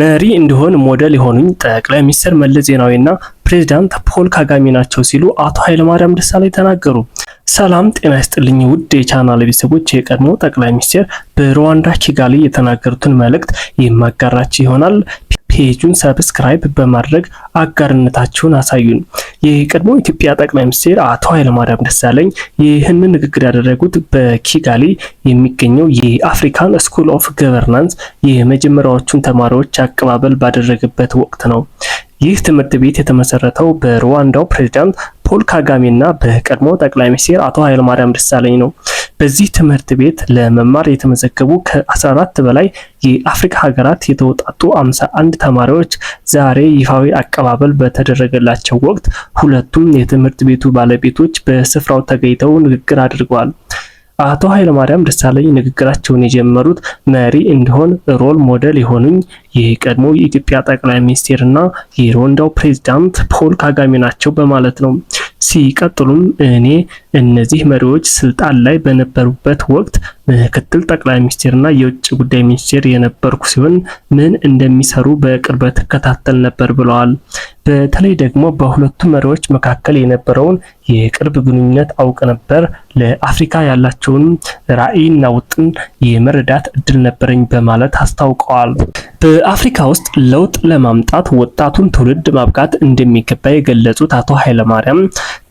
መሪ እንዲሆን ሞዴል የሆኑኝ ጠቅላይ ሚኒስትር መለስ ዜናዊና ፕሬዚዳንት ፖል ካጋሜ ናቸው ሲሉ አቶ ኃይለማርያም ደሳለኝ ተናገሩ። ሰላም ጤና ይስጥልኝ ውድ የቻናል ቤተሰቦች፣ የቀድሞ ጠቅላይ ሚኒስትር በሩዋንዳ ኪጋሊ የተናገሩትን መልእክት የማጋራችሁ ይሆናል። ፔጁን ሰብስክራይብ በማድረግ አጋርነታችሁን አሳዩን። የቀድሞ ኢትዮጵያ ጠቅላይ ሚኒስትር አቶ ኃይለማርያም ደሳለኝ ይህንን ንግግር ያደረጉት በኪጋሊ የሚገኘው የአፍሪካን ስኩል ኦፍ ገቨርናንስ የመጀመሪያዎቹን ተማሪዎች አቀባበል ባደረገበት ወቅት ነው። ይህ ትምህርት ቤት የተመሰረተው በሩዋንዳው ፕሬዚዳንት ፖል ካጋሜ እና በቀድሞ ጠቅላይ ሚኒስትር አቶ ኃይለማርያም ደሳለኝ ነው። በዚህ ትምህርት ቤት ለመማር የተመዘገቡ ከ14 በላይ የአፍሪካ ሀገራት የተውጣጡ 51 ተማሪዎች ዛሬ ይፋዊ አቀባበል በተደረገላቸው ወቅት ሁለቱም የትምህርት ቤቱ ባለቤቶች በስፍራው ተገኝተው ንግግር አድርገዋል። አቶ ኃይለማርያም ደሳለኝ ንግግራቸውን የጀመሩት መሪ እንዲሆን ሮል ሞዴል የሆኑኝ የቀድሞ የኢትዮጵያ ጠቅላይ ሚኒስቴርና እና የሩዋንዳው ፕሬዚዳንት ፖል ካጋሜ ናቸው በማለት ነው። ሲቀጥሉም እኔ እነዚህ መሪዎች ስልጣን ላይ በነበሩበት ወቅት ምክትል ጠቅላይ ሚኒስትርና የውጭ ጉዳይ ሚኒስቴር የነበርኩ ሲሆን ምን እንደሚሰሩ በቅርበት እከታተል ነበር ብለዋል። በተለይ ደግሞ በሁለቱ መሪዎች መካከል የነበረውን የቅርብ ግንኙነት አውቅ ነበር። ለአፍሪካ ያላቸውን ራዕይና ውጥን የመረዳት እድል ነበረኝ በማለት አስታውቀዋል። በአፍሪካ ውስጥ ለውጥ ለማምጣት ወጣቱን ትውልድ ማብቃት እንደሚገባ የገለጹት አቶ ኃይለማርያም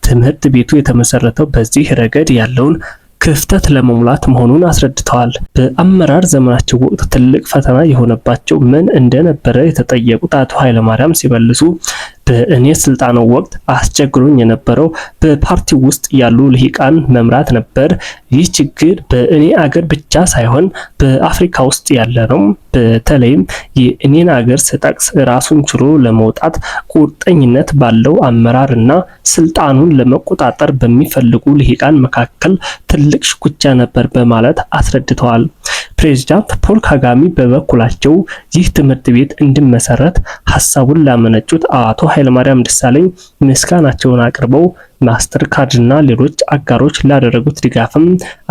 ትምህርት ቤቱ የተመሰረተው በዚህ ረገድ ያለውን ክፍተት ለመሙላት መሆኑን አስረድተዋል። በአመራር ዘመናቸው ወቅት ትልቅ ፈተና የሆነባቸው ምን እንደነበረ የተጠየቁት አቶ ኃይለማርያም ሲመልሱ በእኔ ስልጣን ወቅት አስቸግሮኝ የነበረው በፓርቲ ውስጥ ያሉ ልሂቃን መምራት ነበር። ይህ ችግር በእኔ አገር ብቻ ሳይሆን በአፍሪካ ውስጥ ያለ ነው። በተለይም የእኔን አገር ስጠቅስ ራሱን ችሎ ለመውጣት ቁርጠኝነት ባለው አመራርና ስልጣኑን ለመቆጣጠር በሚፈልጉ ልሂቃን መካከል ትልቅ ሽኩቻ ነበር በማለት አስረድተዋል። ፕሬዚዳንት ፖል ካጋሚ በበኩላቸው ይህ ትምህርት ቤት እንዲመሰረት ሀሳቡን ላመነጩት አቶ ኃይለማርያም ደሳለኝ ምስጋናቸውን አቅርበው ማስተር ካርድና ሌሎች አጋሮች ላደረጉት ድጋፍም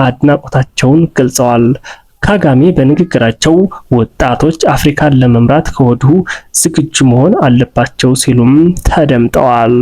አድናቆታቸውን ገልጸዋል። ካጋሜ በንግግራቸው ወጣቶች አፍሪካን ለመምራት ከወዲሁ ዝግጁ መሆን አለባቸው ሲሉም ተደምጠዋል።